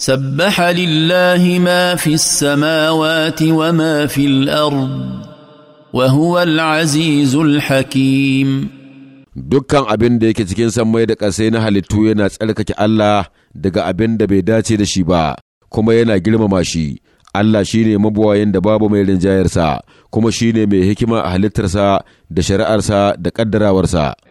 سبح لله ما في السماوات وما في الارض وهو العزيز الحكيم dukkan abin da yake cikin sammai da ƙasai na halittu yana tsarkake Allah daga abin da bai dace da shi ba kuma yana girmama shi Allah shine mabuwayin da babu mai rinjayarsa kuma shine mai hikima a halittarsa da shari'arsa da ƙaddarawarsa